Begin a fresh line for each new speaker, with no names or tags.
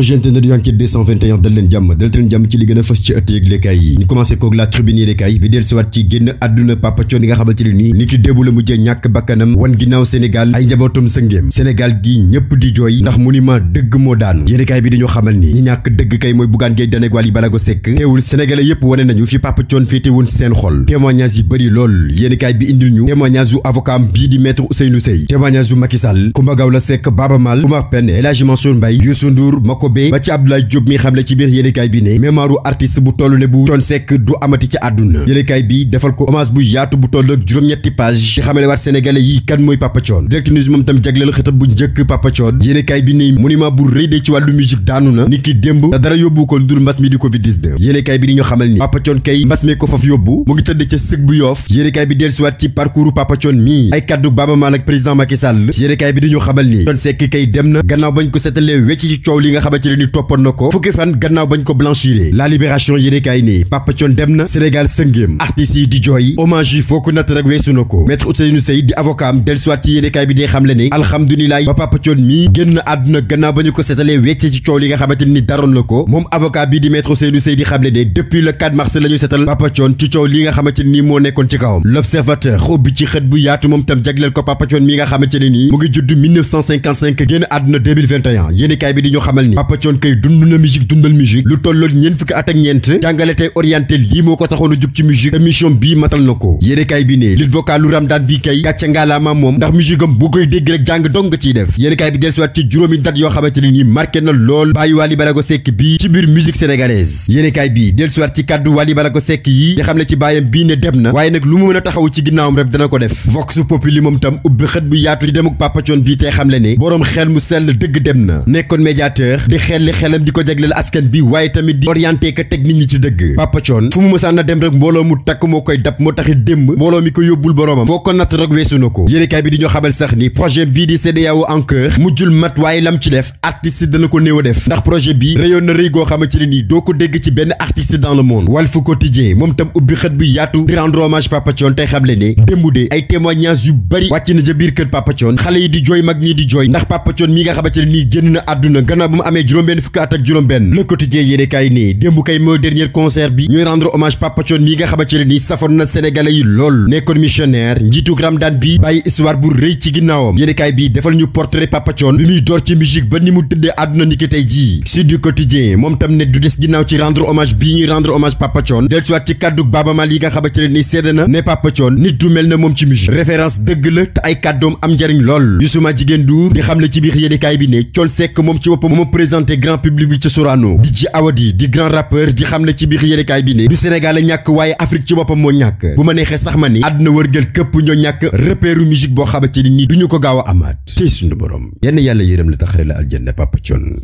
chers internautes yu dal leen jàmm dal leen jàmm ci li gën a fës ci ëtt yëglekaay yi ñu commencé koog la tribune yëglekaay bi del siwaat ci génn àdduna Papa Thione nga xamante ne nii ni déebu la mujjee ñàkk bakkanam wan ginnaaw Sénégal ay njabootam sëngéem Sénégal gi ñëpp di jooy ndax monument dëgg moo daan yëglekaay bi dañoo xamal ni ñàkk dëgg kay mooy Bougane Gueye Dany ak Wally Ballago Seck teewul sénégalais yëpp wane nañu fi Papa Thione woon seen xol témoignage ko bee ba ci Abdoulaye Diop mi xamle ci biir yéenekaay bi ne mémoire artiste bu toll ne bu Thione Seck du amati ci àdduna yéenekaay bi defal ko hommage bu yaatu bu toll ak juróom-ñetti page ci xamale waat sénégalais yi kan mooy Papa Thione Direct moom tam jagleel xëtam bu njëkk Papa Thione yéenekaay bi ne monument bu rëy de ci wàllu musique daanu na niki démb te dara yóbbu ko lu dul mbas mi di covid 19 bi ni ñu xamal ni Papa kay mbas mee ko foofu yóbbu xamante ne ni toppoon na ko fukki fan gannaaw bañ ko blanchiré la libération yéenekaay ni Papa Thione dem na Sénégal sëngéem artistes yi di jooy hommage yi foo ko natt rek weesu na ko maître Ousseynou Sey di avocat am dellusiwaat ci yéenekaay bi dee xam le ne ba Papa Thione génn àdduna gannaaw ba ñu ko seetalee wecce ci coow li nga xamante ne ni daroon na ko moom avocat bi di maître Ousseynou Sey di xam le depuis le 4 mars la ñu seetal Papa Thione ci coow li nga xamante ne ni moo nekkoon ci kawam l'observateur ubbi ci xët bu yaatu moom tam jagleel ko Papa Thione mi nga xamante ne ni Papa Thione kay dund na musique dundal musique lu tolloog ñeent fukki at ak ñeent jàngale tey orienté lii moo ko taxoon a jug ci musique émission bii matal na ko yéene bi ne lit vocal lu Ramdaan bi kay gàcce ngaalaama moom ndax musique am boo koy dégg rek jàng dong nga def yéene kaay bi dellusiwaat ci juróomi dat yoo xamante ne ni marqué na lool bàyyi Wally Balago Seck bii ci biir musique sénégalaise yéene kaay bi dellusiwaat ci kàddu Wally Balago Seck yi di xam ne ci bàyyam bii ne dem na waaye a taxaw ci ginnaawam rek dana ko def vox populi moom tam ubbi xët bu yaatu ci demuk Papa Thione bii tey xam ne boroom xel di xelli xelam di ko jagleel askan bi waaye tamit di orienté ka teg nit ñi ci dëgg Papa Thione fu mu mësaan na dem rek mbooloo mu takk moo koy dab moo taxi démb mbooloo mi ko yóbbul boroomam foo ko natt rek weesu na ko yéenekaay bi di ñoo xamal sax ni projet bii di CEDEAO Anchor mujjul mat waaye lam ci def artiste dana ko néew a def ndax projet bi réyoon na rëy goo xamante ne nii doo ko dégg ci benn artiste dans le monde Walf Quotidien moom tam ubbi xët bi yaatu di rendre hommage Papa Thione tey xamle ne démb de ay témoignages yu bari wàcc na ja biir kër Papa Thione xale yi di jooy mag ñi di jooy ndax Papa Thione mi nga xamante ne nii génn na àdduna gannaaw ba mu amee juróom-benn ne démb kay mooy dernier bi ñooy rendre hommage Papa mi nga xamante ne ni safoon na yi lool nekkoon missionnaire njiitu Ramadan bi bàyyi histoire bu rëy ci ginnaawam yéene bi defal ñu portrait Papa bi muy door ci musique ba ni mu tëddee àdduna ni jii Sud du moom tam ne du des ginnaaw ci rendre hommage bii ñuy rendre hommage Papa Thione dellusiwaat ci kàddug Baaba yi nga xamante ni seede na ne Papa nit présenté grand public bi ci Sorano DJ Awadi di grand rappeur di xam ne ci biir yéenekaay bi ne du Sénégal a ñàkk waaye Afrique ci boppam moo ñàkk bu ma neexee sax ma ni àdduna wërgël këpp ñoo ñàkk repéru musique boo xamante ni nii duñu ko gaaw a amaat tey suñu borom yenn yàlla yërëm la taxare la aljanna Papa Thione